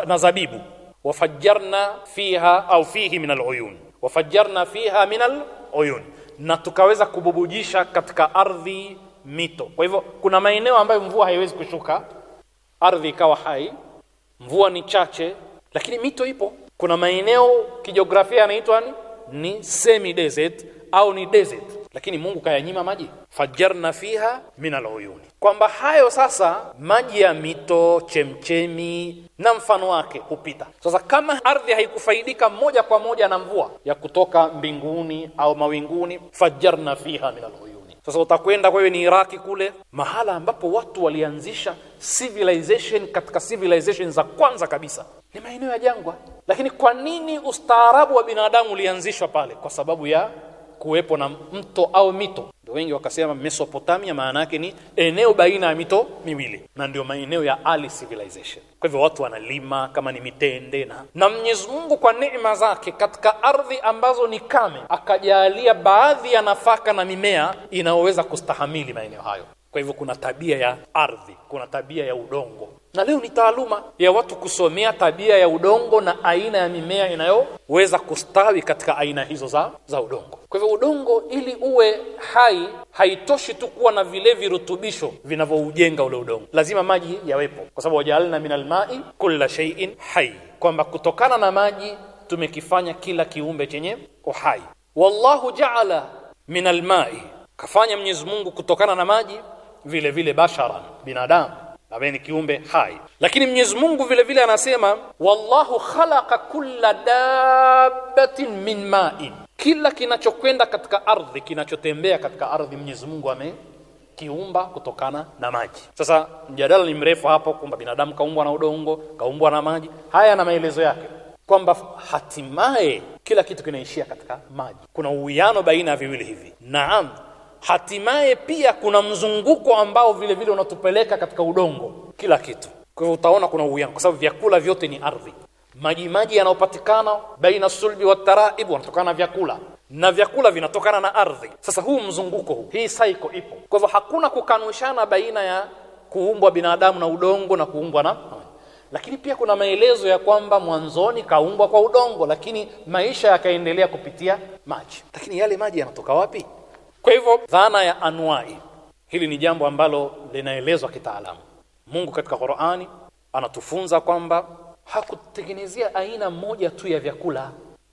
[SPEAKER 7] na zabibu wafajjarna fiha au fihi min aluyun wafajjarna fiha min aluyun na tukaweza kububujisha katika ardhi mito kwa hivyo kuna maeneo ambayo mvua haiwezi kushuka ardhi ikawa hai mvua ni chache lakini mito ipo kuna maeneo kijiografia yanaitwa ni semi desert au ni desert lakini Mungu kayanyima maji, fajarna fiha min aluyuni, kwamba hayo sasa maji ya mito, chemchemi na mfano wake hupita. Sasa kama ardhi haikufaidika moja kwa moja na mvua ya kutoka mbinguni au mawinguni, fajarna fiha min aluyuni sasa utakwenda kwa hiyo ni Iraki kule, mahala ambapo watu walianzisha civilization katika civilization za kwanza kabisa, ni maeneo ya jangwa. Lakini kwa nini ustaarabu wa binadamu ulianzishwa pale? Kwa sababu ya kuwepo na mto au mito. Ndio wengi wakasema Mesopotamia maana yake ni eneo baina ya mito miwili, na ndio maeneo ya early civilization. Kwa hivyo watu wanalima kama ni mitende na na Mwenyezi Mungu kwa neema zake, katika ardhi ambazo ni kame, akajalia baadhi ya nafaka na mimea inayoweza kustahamili maeneo hayo. Kwa hivyo kuna tabia ya ardhi, kuna tabia ya udongo, na leo ni taaluma ya watu kusomea tabia ya udongo na aina ya mimea inayoweza kustawi katika aina hizo za, za udongo. Kwa hivyo udongo ili uwe hai haitoshi tu kuwa na vile virutubisho vinavyoujenga ule udongo, lazima maji yawepo, kwa sababu wajaalna min almai kulla shay'in hai, kwamba kutokana na maji tumekifanya kila kiumbe chenye uhai. Wallahu jaala min almai, kafanya Mwenyezi Mungu kutokana na maji vile vile basharan binadamu ambaye ni kiumbe hai lakini Mwenyezi Mungu vile vile anasema wallahu khalaqa kulla dabbatin min ma'in kila kinachokwenda katika ardhi kinachotembea katika ardhi Mwenyezi Mungu ame kiumba kutokana na maji. Sasa mjadala ni mrefu hapo kwamba binadamu kaumbwa na udongo, kaumbwa na maji. Haya na maelezo yake kwamba hatimaye kila kitu kinaishia katika maji. Kuna uwiano baina ya viwili hivi. Naam, hatimaye pia kuna mzunguko ambao vile vile unatupeleka katika udongo kila kitu kwa hiyo utaona kuna uwiano kwa sababu vyakula vyote ni ardhi maji maji yanayopatikana baina sulbi wa taraibu wanatokana na vyakula na vyakula vinatokana na ardhi sasa huu mzunguko huu hii saiko ipo kwa hivyo hakuna kukanushana baina ya kuumbwa binadamu na udongo na kuumbwa na lakini pia kuna maelezo ya kwamba mwanzoni kaumbwa kwa udongo lakini maisha yakaendelea kupitia maji lakini yale maji yanatoka wapi kwa hivyo dhana ya anuwai, hili ni jambo ambalo linaelezwa kitaalamu. Mungu katika Qur'ani anatufunza kwamba hakutengenezea aina moja tu ya vyakula,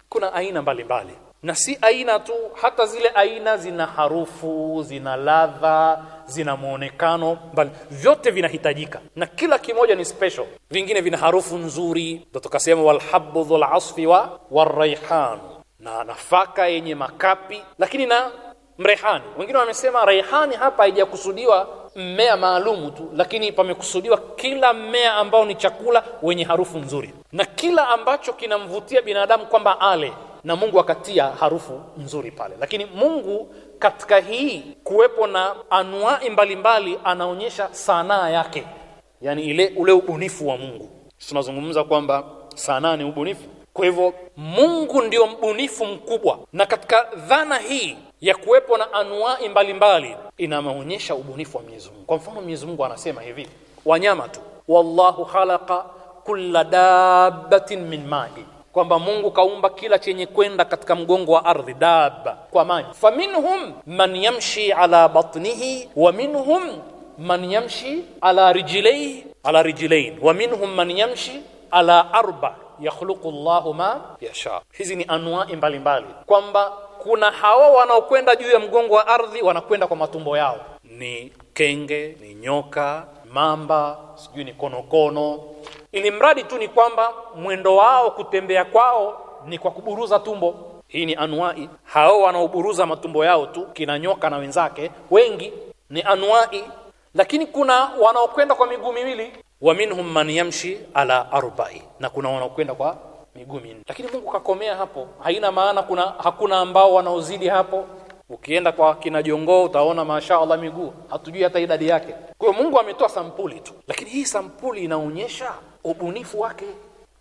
[SPEAKER 7] kuna aina mbalimbali mbali. Na si aina tu, hata zile aina zina harufu, zina ladha, zina muonekano bali vyote vinahitajika, na kila kimoja ni special. Vingine vina harufu nzuri, ndo tukasema walhabu dhul asfi wa waraihan, na nafaka yenye makapi, lakini na mrehani. Wengine wamesema rehani hapa haijakusudiwa mmea maalumu tu, lakini pamekusudiwa kila mmea ambao ni chakula wenye harufu nzuri na kila ambacho kinamvutia binadamu kwamba ale na Mungu akatia harufu nzuri pale. Lakini Mungu katika hii kuwepo na anuai mbalimbali anaonyesha sanaa yake, yani ile ule ubunifu wa Mungu. Tunazungumza kwamba sanaa ni ubunifu kwa hivyo Mungu ndio mbunifu mkubwa, na katika dhana hii ya kuwepo na anuai mbalimbali inamaonyesha ubunifu wa Mwenyezi Mungu. Kwa mfano, Mwenyezi Mungu anasema hivi, wanyama tu, wallahu khalaqa kulla dabbatin min ma'i, kwamba Mungu kaumba kila chenye kwenda katika mgongo wa ardhi, dabba kwa maji. Faminhum man yamshi ala batnihi wa minhum man yamshi ala rijlaihi ala rijlain wa minhum man yamshi ala arba yakhluqu Allahu ma yasha. Hizi ni anwai mbalimbali, kwamba kuna hawa wanaokwenda juu ya mgongo wa ardhi wanakwenda kwa matumbo yao, ni kenge, ni nyoka, mamba, sijui ni konokono, ili mradi tu ni kwamba mwendo wao kutembea kwao ni kwa kuburuza tumbo. Hii ni anwai. Hao wanaoburuza matumbo yao tu, kina nyoka na wenzake wengi, ni anwai. Lakini kuna wanaokwenda kwa miguu miwili wa minhum man yamshi ala arba'i na kuna wanaokwenda kwa miguu minne lakini Mungu kakomea hapo haina maana kuna hakuna ambao wanaozidi hapo ukienda kwa kina jongoo utaona mashaallah miguu hatujui hata idadi yake kwa hiyo Mungu ametoa sampuli tu lakini hii sampuli inaonyesha ubunifu wake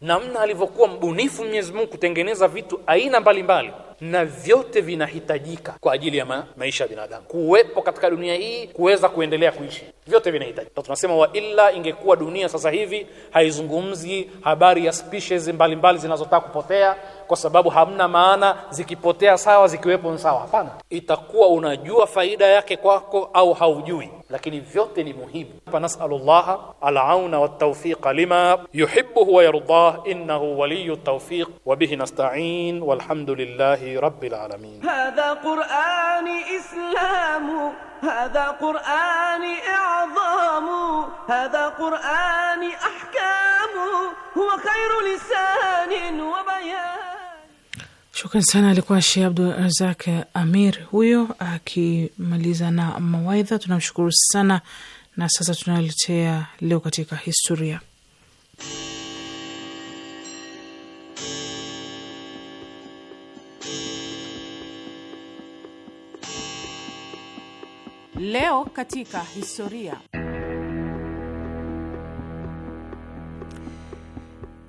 [SPEAKER 7] namna alivyokuwa mbunifu Mwenyezi Mungu kutengeneza vitu aina mbalimbali mbali na vyote vinahitajika kwa ajili ya ma maisha ya binadamu kuwepo katika dunia hii, kuweza kuendelea kuishi, vyote vinahitajika. Tunasema wa illa, ingekuwa dunia sasa hivi haizungumzi habari ya species mbalimbali zinazotaka kupotea kwa sababu hamna maana zikipotea sawa, zikiwepo sawa. Hapana, itakuwa unajua faida yake kwako au haujui, lakini vyote ni muhimu. Hapa nasalullaha alauna waltawfiqa lima yuhibbu wa yardah innahu waliyu tawfiq wa bihi nasta'in walhamdulillah رب العالمين
[SPEAKER 2] هذا قران اسلام هذا قران qur'ani هذا قران احكام هو خير لسان وبيان
[SPEAKER 3] شكرا bayan لكم sana, alikuwa Sheh Abdul Razak Amir huyo akimaliza na mawaidha. Tunamshukuru sana, na sasa tunaletea leo katika historia Leo katika historia.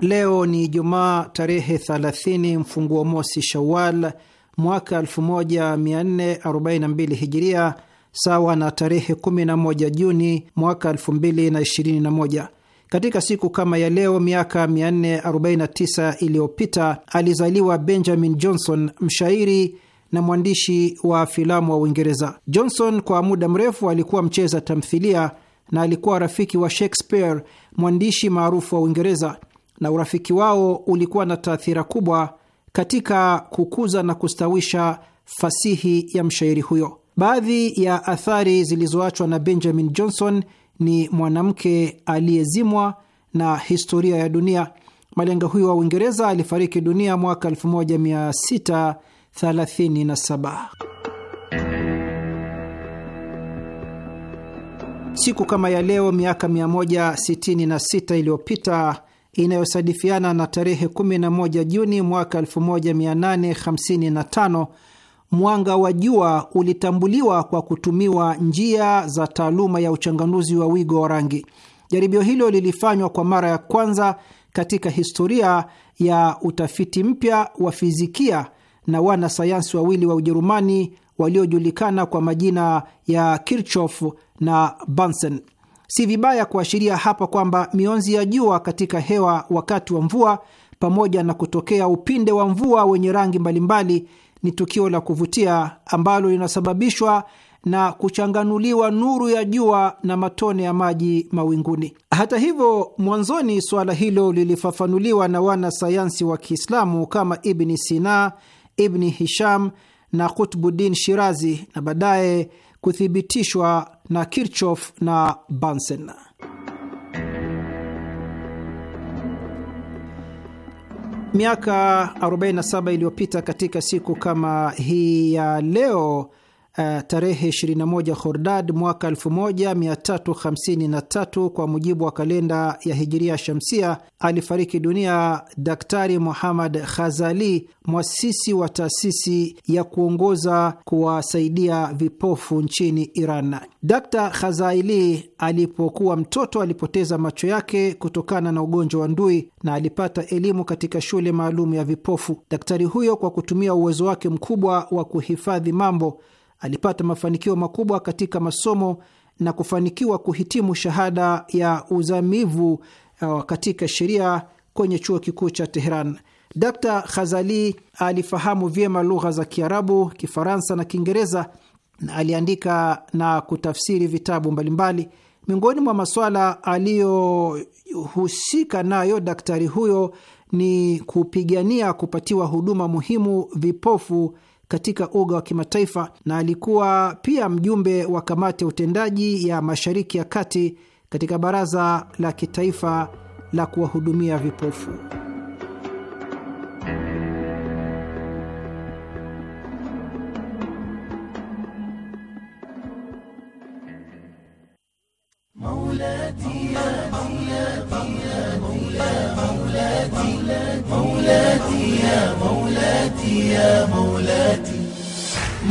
[SPEAKER 8] Leo ni Ijumaa tarehe 30 mfunguo mosi Shawal mwaka 1442 Hijiria, sawa na tarehe 11 Juni mwaka 2021. Katika siku kama ya leo miaka 449 iliyopita alizaliwa Benjamin Johnson, mshairi na mwandishi wa filamu wa Uingereza. Johnson kwa muda mrefu alikuwa mcheza tamthilia na alikuwa rafiki wa Shakespeare, mwandishi maarufu wa Uingereza, na urafiki wao ulikuwa na taathira kubwa katika kukuza na kustawisha fasihi ya mshairi huyo. Baadhi ya athari zilizoachwa na Benjamin Johnson ni Mwanamke Aliyezimwa na Historia ya Dunia. Malenga huyo wa Uingereza alifariki dunia mwaka 1600 37. Siku kama ya leo miaka 166 iliyopita inayosadifiana na tarehe 11 Juni mwaka 1855 mwanga wa jua ulitambuliwa kwa kutumiwa njia za taaluma ya uchanganuzi wa wigo wa rangi. Jaribio hilo lilifanywa kwa mara ya kwanza katika historia ya utafiti mpya wa fizikia na wanasayansi wawili wa Ujerumani waliojulikana kwa majina ya Kirchhoff na Bunsen. Si vibaya kuashiria hapa kwamba mionzi ya jua katika hewa wakati wa mvua pamoja na kutokea upinde wa mvua wenye rangi mbalimbali ni tukio la kuvutia ambalo linasababishwa na kuchanganuliwa nuru ya jua na matone ya maji mawinguni. Hata hivyo, mwanzoni suala hilo lilifafanuliwa na wanasayansi wa Kiislamu kama Ibni Sina Ibni Hisham na Kutbuddin Shirazi na baadaye kuthibitishwa na Kirchof na Bansen. Miaka 47 iliyopita katika siku kama hii ya leo uh, tarehe 21 Khordad mwaka 1353 kwa mujibu wa kalenda ya Hijiria Shamsia, alifariki dunia Daktari Muhammad Khazali, mwasisi wa taasisi ya kuongoza kuwasaidia vipofu nchini Iran. Dr Khazali alipokuwa mtoto alipoteza macho yake kutokana na ugonjwa wa ndui na alipata elimu katika shule maalum ya vipofu. Daktari huyo kwa kutumia uwezo wake mkubwa wa kuhifadhi mambo Alipata mafanikio makubwa katika masomo na kufanikiwa kuhitimu shahada ya uzamivu uh, katika sheria kwenye chuo kikuu cha Teheran. d Khazali alifahamu vyema lugha za Kiarabu, Kifaransa na Kiingereza na aliandika na kutafsiri vitabu mbalimbali. Miongoni mwa masuala aliyohusika nayo daktari huyo ni kupigania kupatiwa huduma muhimu vipofu katika uga wa kimataifa na alikuwa pia mjumbe wa kamati ya utendaji ya Mashariki ya Kati katika baraza la kitaifa la kuwahudumia vipofu.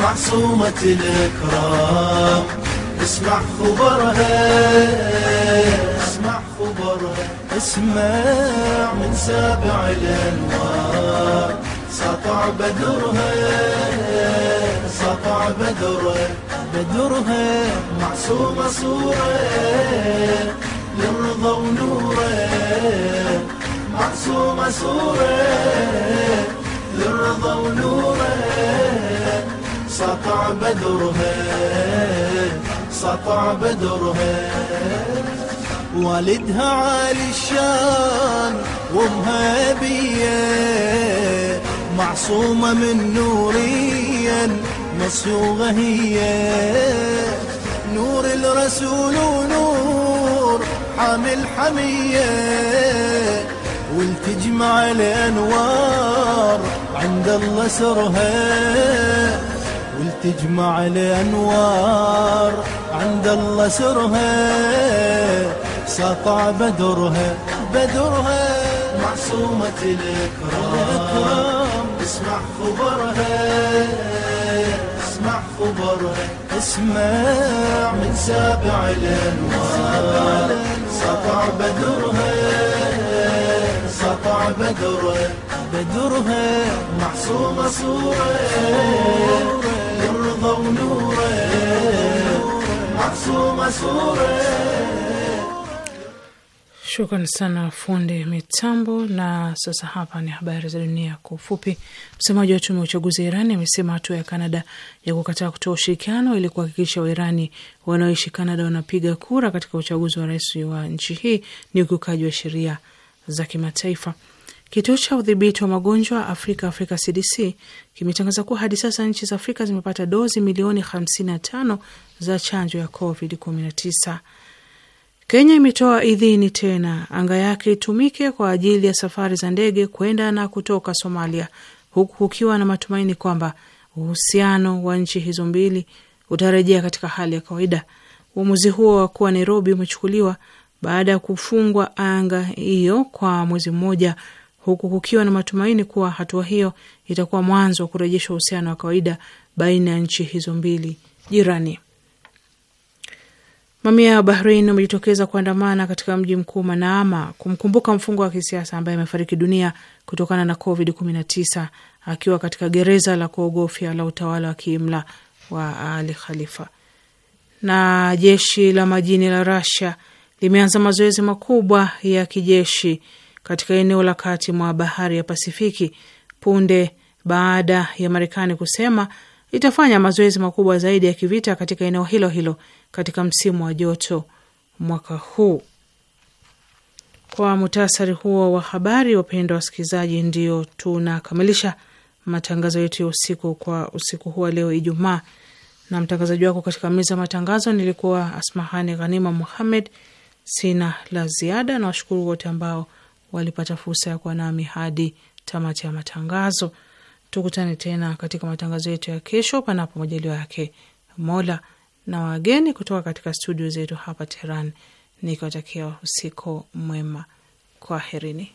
[SPEAKER 6] معصومة الإكرام اسمع خبرها اسمع خبرها اسمع من سابع الأنوار سطع بدرها سطع بدرها بدرها معصومة صورة للرضا ونوره معصومة صورة للرضا ونوره سطع بدرها سطع بدرها والدها عالي الشان وامها بيا معصومة من نوريا مصيوغة هي نور الرسول ونور حامل حمية ولتجمع الأنوار عند الله سرها تجمع الأنوار عند الله سرها سطع بدرها بدرها معصومة الإكرام اسمع خبرها اسمع خبرها اسمع من سابع الأنوار سطع بدرها سطع بدرها بدرها معصومة صورة الله ونوره معصومة
[SPEAKER 3] Shukran sana fundi mitambo. Na sasa hapa ni habari za dunia kwa ufupi. Msemaji wa tume ya uchaguzi ya Irani amesema hatua ya Kanada ya kukataa kutoa ushirikiano ili kuhakikisha Wairani wanaoishi Kanada wanapiga kura katika uchaguzi wa rais wa nchi hii ni ukiukaji wa sheria za kimataifa. Kituo cha udhibiti wa magonjwa Afrika, Afrika CDC, kimetangaza kuwa hadi sasa nchi za Afrika zimepata dozi milioni 55 za chanjo ya COVID-19. Kenya imetoa idhini tena anga yake itumike kwa ajili ya safari za ndege kwenda na kutoka Somalia, huku kukiwa na matumaini kwamba uhusiano wa nchi hizo mbili utarejea katika hali ya kawaida. Uamuzi huo wa kuwa Nairobi umechukuliwa baada ya kufungwa anga hiyo kwa mwezi mmoja huku kukiwa na matumaini kuwa hatua hiyo itakuwa mwanzo wa kurejesha uhusiano wa kawaida baina ya nchi hizo mbili jirani. Mamia ya Bahrain wamejitokeza kuandamana katika mji mkuu Manaama kumkumbuka mfungwa wa kisiasa ambaye amefariki dunia kutokana na COVID-19 akiwa katika gereza la kuogofya la utawala wa kiimla wa Ali Khalifa. Na jeshi la majini la Rasia limeanza mazoezi makubwa ya kijeshi katika eneo la kati mwa bahari ya Pasifiki punde baada ya Marekani kusema itafanya mazoezi makubwa zaidi ya kivita katika eneo hilo hilo katika msimu wa joto mwaka huu. Kwa mutasari huo wa habari, wapendwa wasikilizaji, ndio tunakamilisha matangazo yetu ya usiku kwa usiku huu wa leo Ijumaa, na mtangazaji wako katika meza matangazo nilikuwa Asmahani Ghanima Muhammed. Sina la ziada na washukuru wote ambao walipata fursa ya kuwa nami hadi tamati ya matangazo. Tukutane tena katika matangazo yetu ya kesho, panapo majaliwa yake Mola na wageni kutoka katika studio zetu hapa tehran nikiwatakia usiku mwema. Kwaherini.